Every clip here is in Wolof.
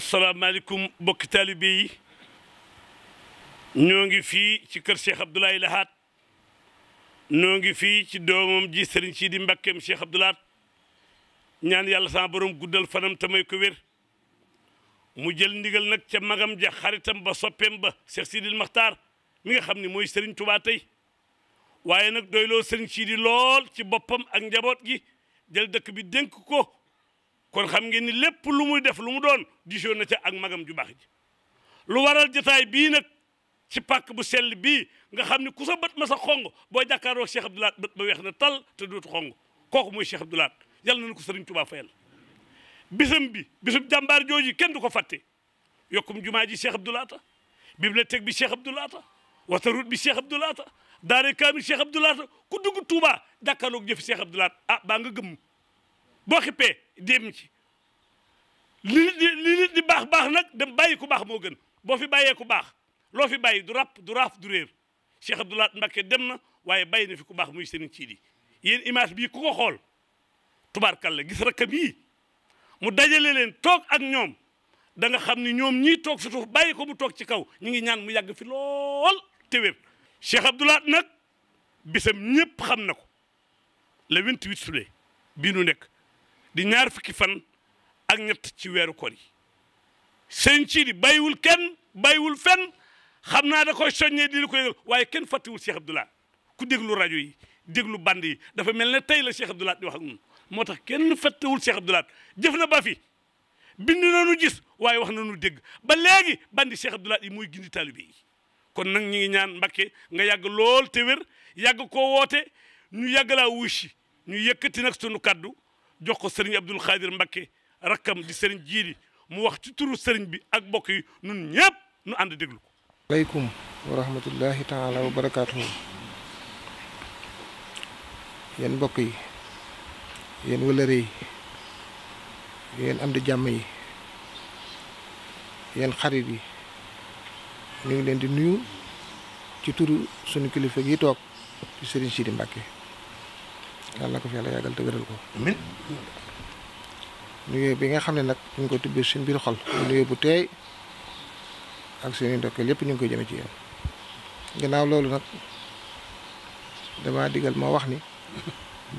asalaamaaleykum bokki taalibe yi ñoo ngi fii ci kër Cheikh Abdoulaye Lahat ñoo ngi fii ci doomam ji Serigne Sidi Mbakkeem Cheikh Abdoulaye ñaan yàlla sama borom guddal fanam tamay ko wér mu jël ndigal nag ca magam ja xaritam ba soppeem ba Cheikh Sidil mi nga xam ne mooy Serigne Touba tey waaye nag doyloo Serigne Sidi lool ci boppam ak njaboot gi jël dëkk bi dénk ko kon xam ngeen ni lépp lu muy def lu mu doon diisoo na ca ak magam ju baax ji lu waral jotaay bii nag ci pàkk bu sell bi nga xam ni ku sa bët ma sa xong boo jàkkaaroo Cheikh Abdou Lahad bët ba weex na tal te dootu xong kooku mooy Cheikh Abdou Lahad yàlla nañu ko Sëriñ Tuubaa fayal bisam bi bisub jàmbaar jooju kenn du ko fàtte yokkum jumaa ji Cheikh Abdou Lahad bibliothèque bi Cheikh Abdou Lahad wataroute bi Cheikh Abdou Lahad daare kaamil Cheikh Abdou Lahad ku dugg Touba jàkkaarloog jëf Cheikh Abdou ah baa nga gëmm boo xippee dem ci li di baax baax nag dem bàyyi ku baax moo gën boo fi bàyyee ku baax loo fi bàyyi du ràpp du raaf du réer Cheikh Abdou Lahad dem na waaye bàyyi na fi ku baax muy Serigne Sidi yéen image bii ku ko xool tubaarkalla gis rakkam yii mu dajale leen toog ak ñoom da xam ni ñoom ñii toog suuf bàyyi ko mu toog ci kaw ñu ngi ñaan mu yàgg fi lool te wér Cheikh nag bisam ñëpp xam na ko le 28 sule bii nu nekk. di ñaar fukki fan ak ñett ci weeru koor yi sëñ ci di bàyyiwul kenn bàyyiwul fenn xam naa da ko soññee di la ko yëgal waaye kenn fàttiwul Cheikh Abdou Lahad ku déglu rajo yi déglu band yi dafa mel ne tey la Cheikh Abdou Lahad di wax ak moo tax kenn fàttiwul Cheikh Abdou Lahad jëf na ba fi bind na nu gis waaye wax na nu dégg ba léegi bandi Cheikh Abdou Lahad yi gindi taalibe yi kon nag ñu ngi ñaan Mbakke nga yàgg lool te wér yàgg koo woote ñu yàgg laa wuy si ñu yëkkati nag sunu kaddu. jox ko sëriñ Abdul Xaadir Mbakke rakkam di sëriñ jiiri mu wax ci turu sëriñ bi ak mbokk yi nun ñëpp nu ànd déglu ko. aleykum wa rahmatullahi taala wa mbokk yi yéen wëlëre yi yéen am di jàmm yi yéen xarit yi ñu ngi leen di nuyu ci turu sunu kilifa gi toog ci sëriñ Sidi Mbakke. yàlla na ko fi yàlla yàggal te ko. amiin. nuyoo bi nga xam ne nag ñu ngi ko tibbee suñ biir xol. nuyoo bu teey ak suñu ndokkeel lépp ñu ngi koy jëme ci yow. ginnaaw loolu nag damaa digal moo wax ni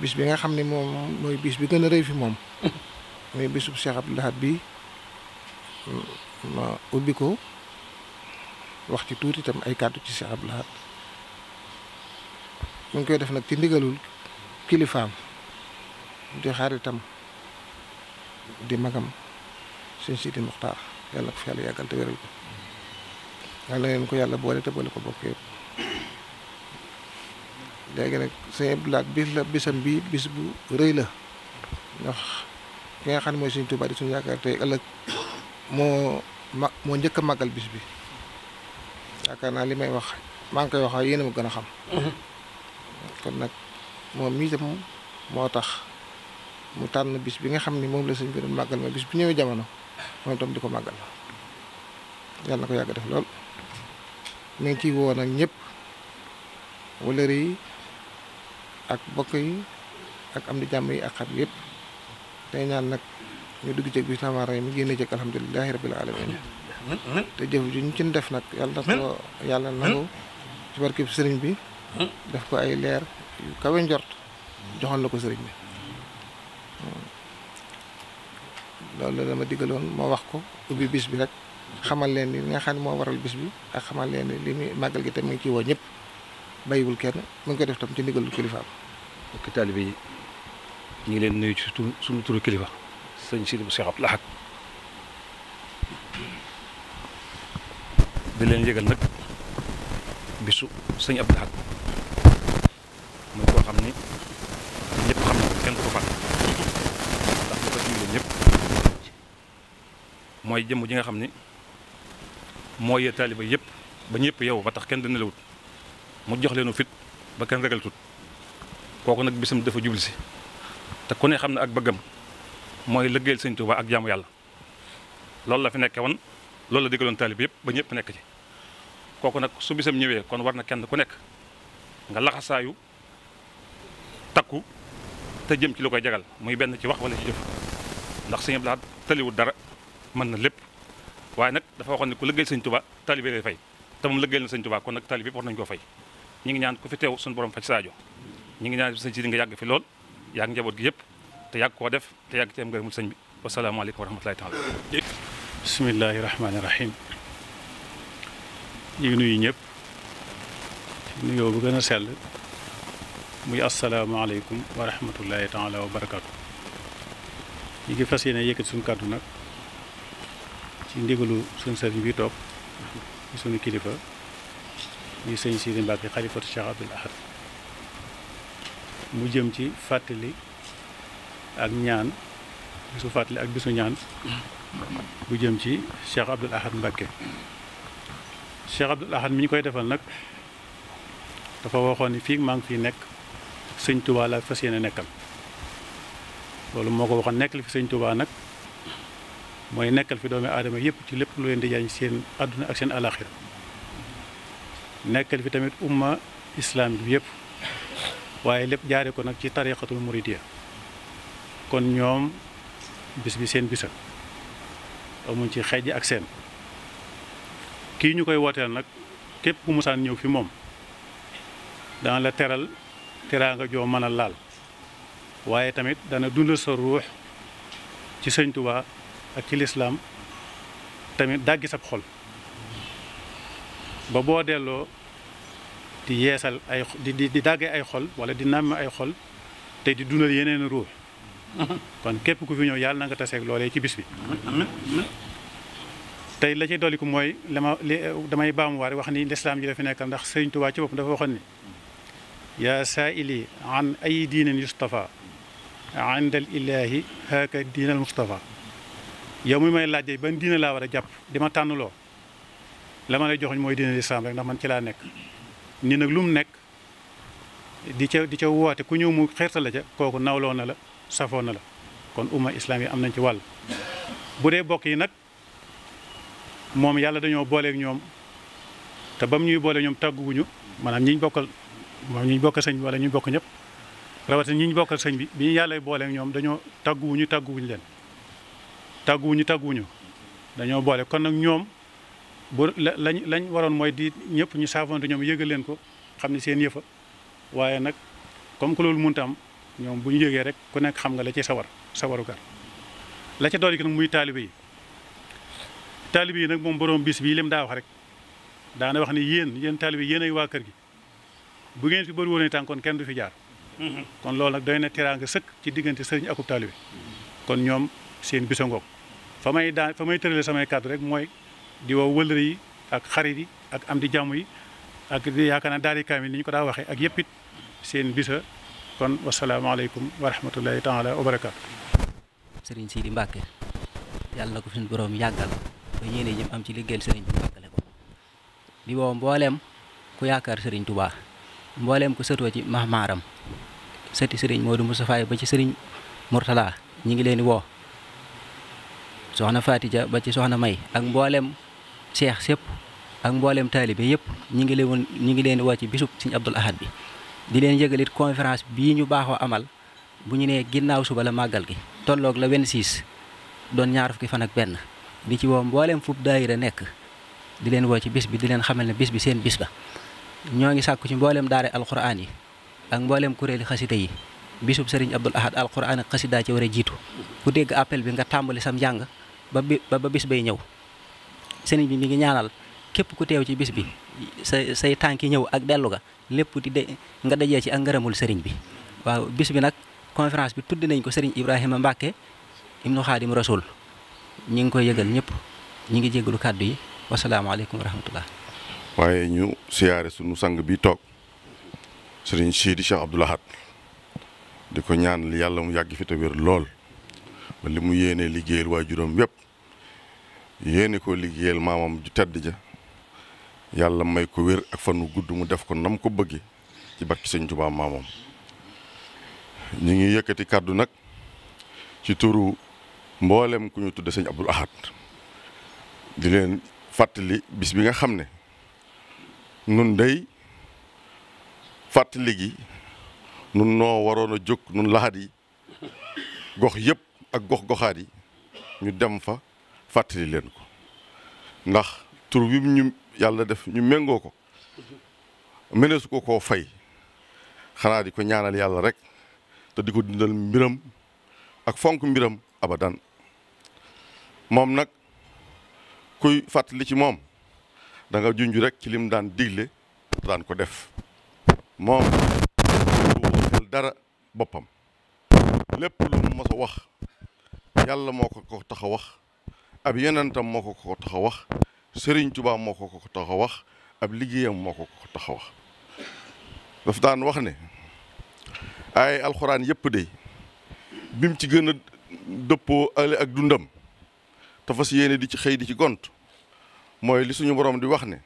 bis bi nga xam ne moom mooy bis bi gën rëy fi moom. muy bisub Cheikh Abdou bi ma wax ci tuuti ay kàddu ci Cheikh Abdou mu ngi koy def nag ci ndigalul kilifaam di xaritam di magam sëñ Sidi Muxtaar yàlla ko fi yàlla yàggal te wéral ko yàlla leen ko yàlla boole te boole ko bokk yëpp léegi nag sëñ Abdou Lahad bis la bisam bi bis bu rëy la ndax ki nga xam ne mooy suñ Tuubaa di suñu yaakaar tey ëllëg moo ma moo njëkk magal bis bi yaakaar naa li may wax maa ngi koy wax yéen a ma gën a xam mm-hmm. kon nag moom mii tam moo tax mu tànn bis bi nga xam ni moom la sëñ bi doon màggal ma bis bi ñëwee jamono moom itam di ko màggal yàlla na ko yàgg def lool mu ngi ciy wow nag ñëpp wëlër yi ak bokk yi ak am di jàmm yi ak xar yëpp tey ñaan nag ñu dugg ci bis tamaara yi mu génne ci alhamdulilahi rabbil alamin te jëf ju ñu ci def nag yàlla na ko yàlla na ko ci sëriñ bi def ko ay leer yu kawe njort joxoon na ko sëriñ bi loolu la dama diggaloon ma wax ko ubbi bis bi rek xamal leen ni li nga xam moo waral bis bi ak xamal leen ni li muy màggal gi tam mu ngi ciy woo ñëpp bàyyiwul kenn mu ngi ko def tam ci ndigalu kilifaam. mbokki taalibe yi ñu ngi leen nuyu ci suñu turu kilifa sëñ Sidi bu Cheikh Abdou Lahad di leen yëgal nag bisu sëñ Abdou Lahad kenn du mooy jëmm ji nga xam ni moo yee taaliba yëpp ba ñëpp yow ba tax kenn dana lewut mu jox leenu fit ba kenn ragal tut kooku nag bisam dafa jublisi te ku ne xam ne ak bëggam mooy lëggéeyal sëñ Tuuba ak jaamu yàlla loolu la fi nekkee woon loolu la digaloon taaliba yëpp ba ñëpp nekk ci kooku nag su bisam ñëwee kon war na kenn ku nekk nga laxasaayu takku te jëm ci lu koy jagal muy benn ci wax wala ci jëf ndax sëñ Abdou Lahad taliwul dara mën na lépp waaye nag dafa waxoon ne ku lëggéey sëñ Tuubaa talibe lay fay te moom lëggéey na sëñ Tuubaa kon nag talibe war nañu koo fay ñi ngi ñaan ku fi teew suñu borom faj saajo ñi ngi ñaan sëñ si di nga yàgg fi lool yàgg njaboot gi yëpp te yàgg koo def te yàgg ci am ngërëmul sëñ bi wasalaamaaleykum wa rahmatulahi taala bismillahi rahmaani rahim ñu ngi ñëpp a sell muy asalaamaaleykum wa rahmatullahi taala wa barakaatu ñu ngi fas yéene yëkkati suñu kàddu nag ci ndigalu suñu sëriñ bi toog ci suñu kilifa mu sëñ Sidi Mbacke xalifatu Cheikh Abdoul Ahad mu jëm ci fàttali ak ñaan bisu fàttali ak bisu ñaan jëm ci Cheikh Abdoul Ahad Mbacke Cheikh Abdoul Ahad mi ñu koy defal nag dafa waxoon ni fii maa ngi fii nekk sëñ Touba laa fas yéene nekkal loolu moo ko waxoon nekkal fi sëñ Touba nag mooy nekkal fi doomi aadama yëpp ci lépp lu leen di jaañ seen àdduna ak seen alaxira nekkal fi tamit umma islam bi yëpp waaye lépp jaare ko nag ci tariqatul muridiya kon ñoom bis bi seen bisa amuñ ci xeej ak seen kii ñu koy wooteel nag képp ku musaan ñëw fi moom dana la teral teraanga joo mën a laal waaye tamit dana dundal sa ruux ci sëñ Tuubaa ak ci lislaam tamit dàggi sab xol ba boo delloo di yeesal ay di di dàggee ay xol wala di nàmm ay xol te di dundal yeneen ruux kon képp ku fi ñëw yàlla na nga taseeg loolee ci bis bi tey la ci dolliku mooy li ma li damay baamuwaar wax ni lislaam ji la fi nekkal ndax sëñ Tuubaa ci bopp dafa waxoon ni yaa saaili an ay diinin yustafa indal ilaahi haaka diinal mustafa yow mu may laajee ban diina laa war a jàpp di ma tànnloo la ma lay joxoñ mooy diina lislaam rek ndax man ci laa nekk ni nag lu mu nekk di ca di ca woote ku ñëw mu xeerta ca kooku nawloo la safoo la kon umma islaam yi am nañ ci wàll bu dee bokk yi nag moom yàlla dañoo booleeg ñoom te ba mu ñuy boole ñoom tàgguwuñu maanaam ñiñ bokkal moom ñu bokk sëñ bi wala ñu bokk ñëpp rawatina ñi ñu bokk sëñ bi bi ñu yàllay booleeg ñoom dañoo tàgguwuñu tàgguwuñu leen tàgguwuñu tàgguwuñu dañoo boole kon nag ñoom bu lañ lañ waroon mooy di ñëpp ñu saafante ñoom yëgal leen ko xam ne seen yëfa waaye nag comme que loolu mënta am ñoom bu ñu yëgee rek ku nekk xam nga la ci sawar sawaru gar la ci dool yi nag muy taalibe yi taalibe yi nag moom borom bis bii lim daa wax rek daana wax ne yéen yéen taalibe yéen ay waa kër gi bu ngeen fi bëri woon itam kon kenn du fi jaar mhm. kon loolu nag doy na teraanga sëkk ci diggante sëriñ akub taalibe kon ñoom seen bisa ngoog fa may daa fa may tërale samay kàddu rek mooy di woo wëllëre yi ak xarit yi ak am di jàmm yi ak yaakaar naa daari kaamil ni ñu ko daa waxee ak yëpp it seen bisa kon wasalaamaaleykum wa rahmatullahi taala wa barakaatu sëriñ di Mbàkke yàlla na ko suñu borom yàggal ba yéene jëm am ci liggéeyal sëriñ bi ko di ku yaakaar sëriñ Tubaa mbooleem ko sëtoo ci maaram sëti sëriñ Modou Moustapha ba ci sëriñ Mourtala ñi ngi leen di woo soxna Fatija ba ci soxna May ak mbooleem seex sépp ak mbooleem taalibe yëpp ñi ngi leen ñi ngi leen di woo ci bisub sëriñ Abdul Ahad bi di leen yëgalit conférence bii ñu baaxoo amal bu ñu nee ginnaaw suba la màggal gi tolloog la 26 doon ñaar fukki fan ak benn di ci woo mbooleem fub daayira nekk di leen woo ci bis bi di leen xamal ne bis bi seen bis la ñoo ngi sàkku ci mbooleem daare alxuraan yi ak mbooleem kuréeli xasida yi bisub sëriñ Abdul Ahad alxuraan ak xasida ci war a jiitu ku dégg appel bi nga tàmbali sam njàng ba bis bay ñëw sëriñ bi mi ngi ñaanal képp ku teew ci bis bi say say tànki ñëw ak dellu ga lépp di de nga dajee ci ak ngërëmul sëriñ bi waaw bis bi nag conférence bi tudd nañ ko sëriñ Ibrahima Mbacke ibnu Xaadim Rasul ñu ngi koy yëgal ñëpp ñu ngi jégalu kàddu yi wasalaamaaleykum wa waaye ñu siyaare sunu sang bi toog sëriñ Sidi Cheikh Abdoul Ahad di ko ñaan yàlla mu yàgg fi te wér lool ba li mu yéene liggéeyal waa juróom yépp yéene ko liggéeyal maamam tedd ja yàlla may ko wér ak fan gudd mu def ko nam ko bëgge ci bakki sëñ Tuubaa maamam ñu ngi yëkkati kàddu nag ci turu mboolem ku ñu tudde sëñ Abdoul Ahad di leen fàttali bis bi nga xam ne nun day fàttali gi nun noo waroon a jóg nun laxat yi gox yëpp ak gox-goxaat ñu dem fa fàttali leen ko ndax tur wi ñu yàlla def ñu méngoo ko mëneesu ko koo fay xanaa di ko ñaanal yàlla rek te di ko dindal mbiram ak fonk mbiram abadan moom nag kuy fàttali ci moom danga nga junj rek ci lim daan digle daan ko def moom dara boppam lépp lu mu mos wax yàlla moo ko ko taxa wax ab yenentam moo ko ko tax wax Sëriñ Tuubaa moo ko ko tax a wax ab liggéeyam moo ko ko tax wax daf daan wax ne ay alxuraan yépp de bim ci gën a dëppoo ale ak dundam te fas yéene di ci xëy di ci gont mooy li suñu borom di wax ne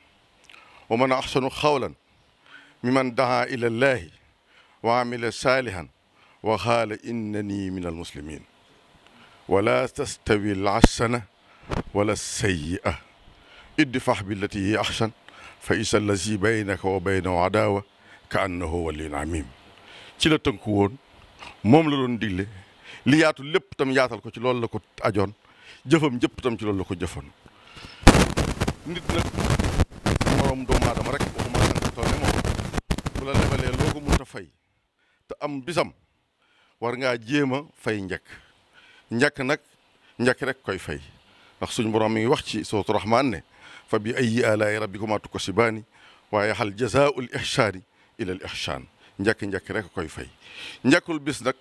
wa man axsanu xawlan mi man daa ila llaahi wa amila saalihan wa xaala innani min al muslimin wala tastawi al asana wala sayyi'a idfax billati hiya axsan fa isa allazi baynaka wa baynahu adaawa ka annahu waliyun amim ci la tënku woon moom la doon digle li yaatu lépp tam yaatal ko ci loolu la ko ajoon jëfam jëpp tam ci loolu la ko jëfoon nit nag sa morom doomu aadama rek waxuma la nga toone moom bu la lebalee loo mun a fay te am bisam war ngaa jéem a fay njëkk njëkk nag njëkk rek koy fay ndax suñu mi ngi wax ci suuratu Rahmaan ne fa bi ayyi aalaa'i rabbikumaa tukazzibaani rek koy fay njëkkul bis nag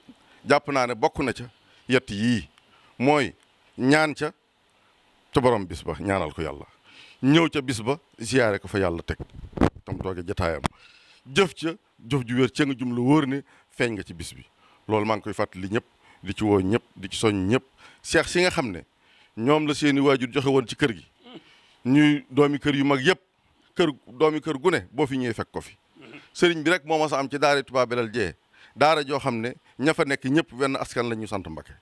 jàpp naa ne bokk na ca yett yii mooy ñaan ca ca borom bis ba ñaanal ko yàlla ñëw ca bis ba ziyaare ko fa yàlla teg tam tooge jataayam jëf ca jëf ju wér cee nga jum lu wóor ne feeñ nga ci bis bi loolu maa ngi koy fàttali ñëpp di ci woo ñëpp di ci soñ ñëpp seex si nga xam ne ñoom la seeni waajur joxe woon ci kër gi ñuy doomi kër yu mag yëpp kër doomi kër gu ne boo fi ñëwee fekk ko fi sëriñ bi rek moo ma sa am ci daara Touba Belel jee daara joo xam ne ña fa nekk ñëpp wenn askan la ñu sant Mbacke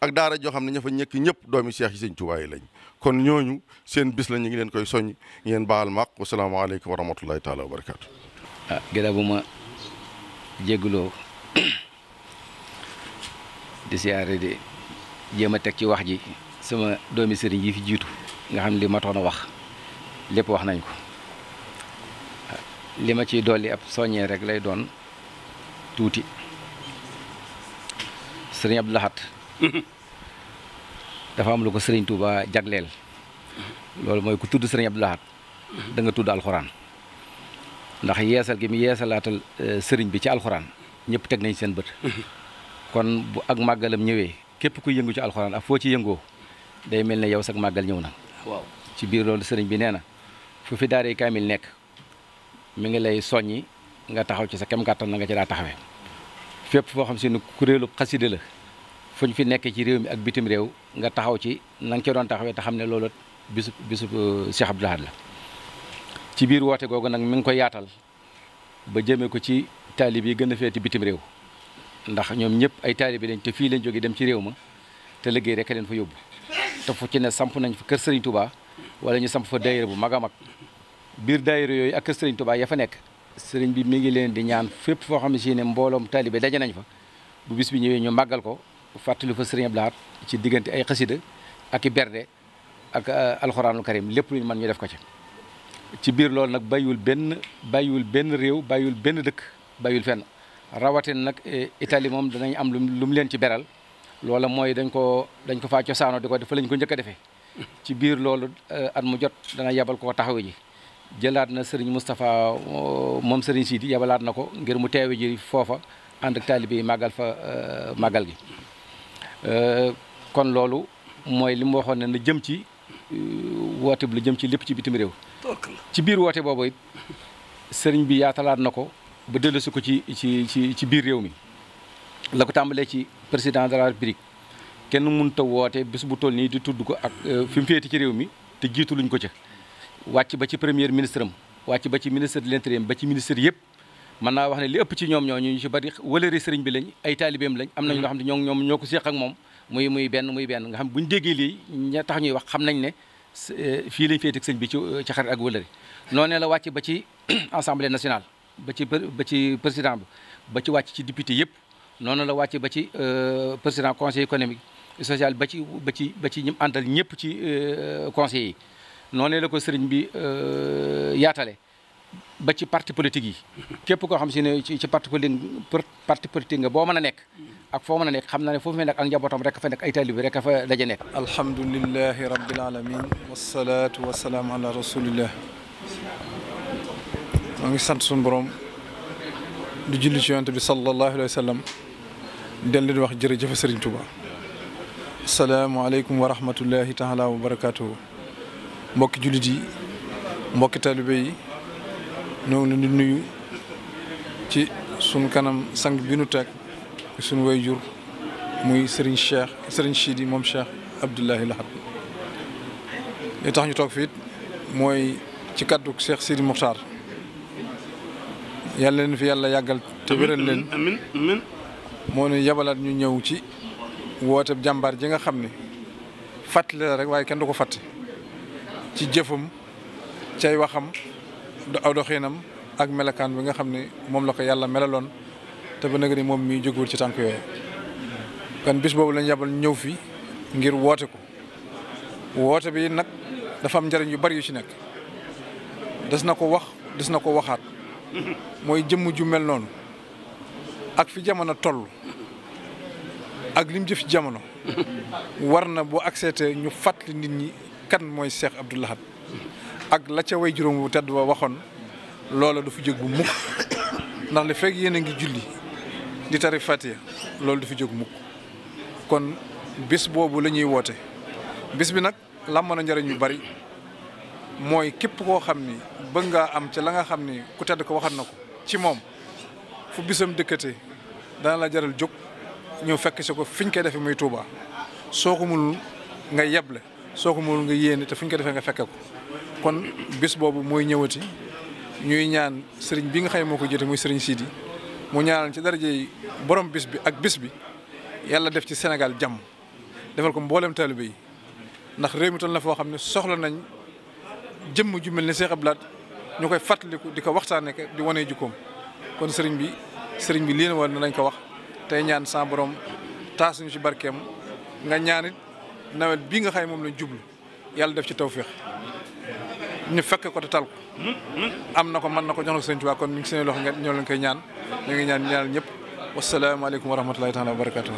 ak daara joo xam ne ña fa ñekk ñëpp doomi Seex yi Sëñ Tuubaa yi lañ kon ñooñu seen bis la ñu ngi leen koy soññ ngeen baal ma ak wasalaamaaleykum wa rahmatullahi taala wa barakaatu. ah bu ma jégloo di siyaare di jéem a teg ci wax ji sama doomi sëriñ yi fi jiitu nga xam li ma toon a wax lépp wax nañ ko ah, li ma ciy dolli ab soññee rek lay doon. tuuti sëriñ Abdou dafa am lu ko sëriñ Touba jagleel loolu mooy ku tudd sëriñ Abdou Lahad tudd alxuraan ndax yeesal gi mu yeesalaatal eh, sëriñ bi ci alxuraan ñëpp teg nañ seen bët kon bu ak màggalam ñëwee képp ku yëngu ci alxuraan ak foo ci yëngoo day mel ne yow sax màggal ñëw na ci biir loolu sëriñ bi nee na fu fi kaamil nekk mi ngi lay soññi nga taxaw ci sa kem kàttan na nga ci daa taxawee fépp foo xam si ne kuréelu xaside la foo ñu fi nekkee ci réew mi ak bitim réew nga taxaw ci na nga ci doon taxawee te xam ne loolu bisu bisu euh, Cheikh Abdou Lahad la ci biir woote googu nag mi ngi ko yaatal ba jëmee ko ci taalib yi gën a feeti bitim réew ndax ñoom ñëpp ay taalibi lañ te fii lañ jóge dem ci réew ma te liggéey rek leen fa yóbbu te fu ci ne samp nañ fa kër Serigne Touba wala ñu samp fa bu mag a mag biir daayira yooyu ak kër Serigne ya fa nekk sëriñ bi mi ngi leen di ñaan fépp foo xam ne si ne mbooloom taalibe daje nañ fa bu bis bi ñëwee ñu màggal ko fàttali fa sëriñ Abdou Lahad ci diggante ay xasida ak i berde ak euh, alxuraanul karim lépp lu ñu mën ñu def ko ca ci biir loolu nag bàyyiwul benn bàyyiwul benn réew bayul benn dëkk bayul fenn rawatin nag eh, itali moom danañ am lu mu leen ci beral loola mooy dañ ko dañ ko faa cosaanoo di ko fa lañ ko njëkk a defee ci biir loolu euh, at mu jot dana yebal koo taxawe ji jëlaat na sëriñ Moustapha uh, moom sëriñ Sidi yabalaat na ko ngir mu teewe ji foofa ànd ak taalibe màggal fa uh, màggal gi uh, kon loolu mooy li mu waxoon ne na jëm ci woote bi la jëm ci lépp ci bitim réew ci biir woote boobu it sëriñ bi yaatalaat na ko ba dellusi ko ci ci ci ci biir réew mi la ko tàmbalee ci président de la république kenn mun a woote bés bu toll nii di tudd ko ak fi mu féete ci réew mi te jiitu luñ ko ca wàcc ba ci premier ministre am wàcc ba ci ministre de l'intérieur ba ci ministre yëpp mën naa wax ne li ëpp ci ñoom ñoo ñu ci bari wëlëri sëriñ bi lañ ay taalibeem lañ am nañ loo xam ne ñoo ñoom ñoo ko seeq ak moom muy muy benn muy benn nga xam buñu déggee lii ña tax ñuy wax xam nañ ne euh, fii lañ féete ak sëñ bi ci ci xarit ak wëlëri noonee la wàcc ba ci assemblée nationale ba ci ba ci président bi ba ci wàcc ci député yëpp noonu la wàcc ba ci euh, président conseil économique social ba ci ba ci ba ci ñim àndal ñëpp ci euh, conseil yi noonee la ko sëriñ bi euh, yaatale ba ci parti politique yi képp koo xam si ne ci parti politique parti politique nga boo mën a nekk ak foo mën a nekk xam naa ne foofu mel nag ak njabootam rek fa nekk ay taalibe rek fa daje nekk alhamdulilahi rabbil alamin wasalaatu wasalaam ala rasulillah maa ngi sant suñu borom di julli ci yonent bi sallallahu alayhi wa sallam del leen wax jërëjëf Sëriñ Tuba asalaamualeykum wa rahmatullahi taala wa barakatuhu mbokki jullit yi mbokki taalibe yi ñoo ngi nuyu ci sunu kanam sang bi nu teg way jur muy Serigne Cheikh Serigne Sidi moom Cheikh Abdoulahi Lahad li tax ñu toog fiit mooy ci kaddu Cheikh Sidi Mokhtar yàlla leen fi yàlla yàggal te wéral leen moo ne yabalaat ñu ñëw ci woote jàmbaar ji nga xam ni fàttali leen rek waaye kenn du ko fàtte ci jëfam cay waxam aw doxinam ak melokaan bi nga xam ne moom la ko yàlla melaloon te ba nag ni moom muy jógul ci tànk yooyu kon bis boobu lañ yabal ñëw fi ngir woote ko woote bi nag dafa am njëriñ yu bari yu ci nekk des na ko wax des na ko waxaat mooy jëmm ju mel noonu ak fi jamono tollu ak lim jëf jamono war na bu accepté ñu fàttali nit ñi kan mooy Cheikh Abdou Lahad ak la ca way juróom wu tedd wa waxoon loola du fi jóg bu mukk ndax li fekk yéen a ngi julli di tari Fatiha loolu du fi jóg mukk kon bis boobu lañuy woote bis bi nag làmb njariñ njëriñ yu bari mooy képp koo xam ni bëgg ngaa am ca la nga xam ni ku tedd ko waxat na ko ci moom fu bisam dëkkatee dana la jaral jóg ñëw fekk si ko fiñ koy defee muy Touba soo ko mënul nga yeble soo ko mënul nga yéene te fu ñu ko defee nga fekke ko kon bis boobu mooy ñëwati ñuy ñaan sëriñ bi nga xam moo ko jotee muy sëriñ Sidi mu ñaanal ci daraje yi borom bis bi ak bis bi yàlla def ci Sénégal jàmm defal ko mboolem taalibe yi ndax réew mi toll na foo xam ne soxla nañ jëmm ju mel ni Cheikh Abdou ñu koy fàttaliku di ko waxtaanee di wane jukkoom kon sëriñ bi sëriñ bi lii na war ko wax tey ñaan sa borom taas ñu ci barkeem nga ñaanit nawet bii nga xam ne moom lañ jublu yàlla def ci tawféex ñu fekk ko te tal am na ko mën na ko jox na ko sëñ Tuubaa kon mi seen loxo ngeen ñoo leen koy ñaan ñu ngi ñaan ñaanal ñëpp wasalaamaaleykum wa rahmatulahi taala wa barakatuh